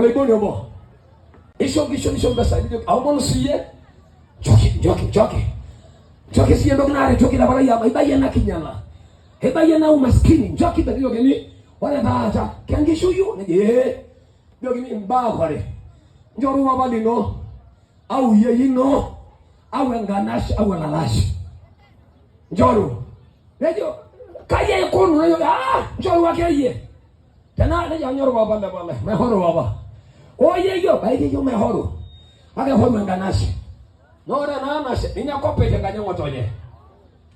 Walaiboni obo. Isho gisho nisho mbasa. Aumonu siye. Choki, choki, choki. Choki siye ndoki nare, choki na wala yama. Iba yena kinyala. Iba yena umaskini. Choki tani yogeni. Wale baata. Kengi shuyu. Ye. Yogeni mbaa kware. Njoru wabali no. Au yeyi no. Au enganashi. Au enganashi. Njoru. Lejo. Kaya yekonu. Ah. Njoru wakeye. Tena. Lejo nyoru wabale wabale. Mehoro oyeyo baiyeyo mehoru akehomwenganashe nore naanashe ninyakopete nganyong'otonye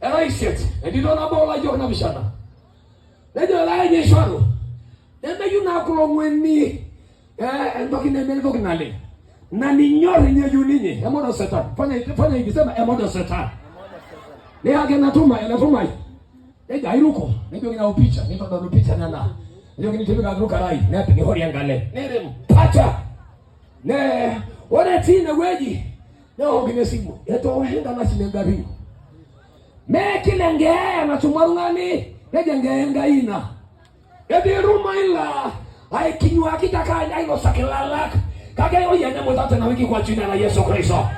eraisiet endito naboolayo napishana nejolaenye ishwaru nemeyu naakulong'weni na bola naleng na la na ninyor eh, inyeyu ninyi emodo setan fanya fanya hivi sema emodo setan ni age natuma enatumayi neja iruko nejo kina upicha nitodolu upicha nana Yogini tibi kadru rai. Nea pigi hori angale. Nere mu. Pacha. Ne, wane tine weji. Ne hongine simu. Eto wahenga nasi nengari. Me kile ngeaya na chumarungani. Neje ngeyenga ina. Yedi ruma ila. Ai kinywa kita kai ai no sakilalak. Kage oye ne zate na wiki kwa chine na Yesu Kristo.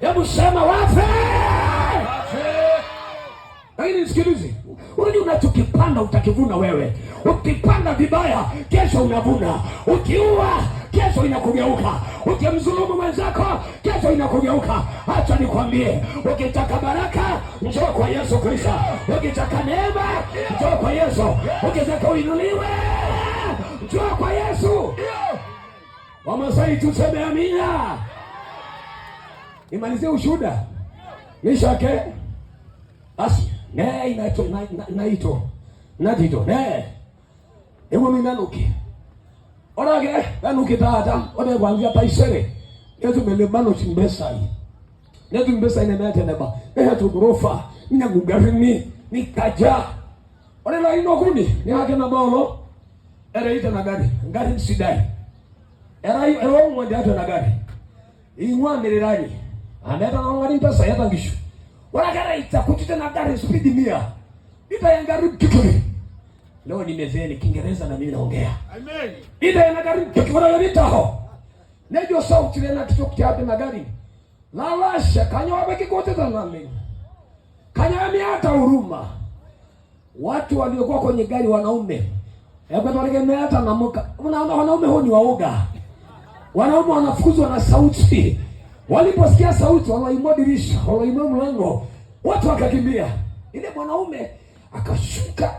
Hebu sema wafe. Wafe. Lakini Wafe! Kwani unachokipanda utakivuna wewe. Ukipanda vibaya, kesho unavuna. Ukiua kesho inakugeuka. Ukimdhulumu mwenzako, kesho inakugeuka. Acha nikwambie, ukitaka baraka njoo kwa Yesu Kristo, ukitaka neema njoo kwa Yesu, ukitaka uinuliwe njoo kwa Yesu. Wamasai tuseme amina. ushuda ushuhuda nishake basi. ねえいないとないないとないとねええごみなのきおらげなのきだだおでわんやぱいせれねとめれまのしんべさいねとんべさいねめてねばねとごろ fa ni na gugari ni ni kaja ole la ino kuni ni hake na bolo era ita na gari gari sidai era era ngwa ndia na gari ingwa mirerani aneta na ngani pesa yata ngishu Uragaraita kutite na gari speed mia. Ita yangaribu kikuri. Leo ni Kiingereza na mimi naongea. Amen. Ita yangaribu kikuri wanayolita ho. Nejo sauti lena kitoku kia hapi magari. Lalasha kanyo wabe kutita na mimi. Kanyo wami hata huruma. Watu waliokuwa kwenye gari wanaume. Hebu tuwategemea na muka Unaona wanaume honi waoga. Wanaume wanafukuzwa na sauti. Waliposikia sauti, walaimwa dirisha, walaimwa mlango, watu wakakimbia. Ile mwanaume akashuka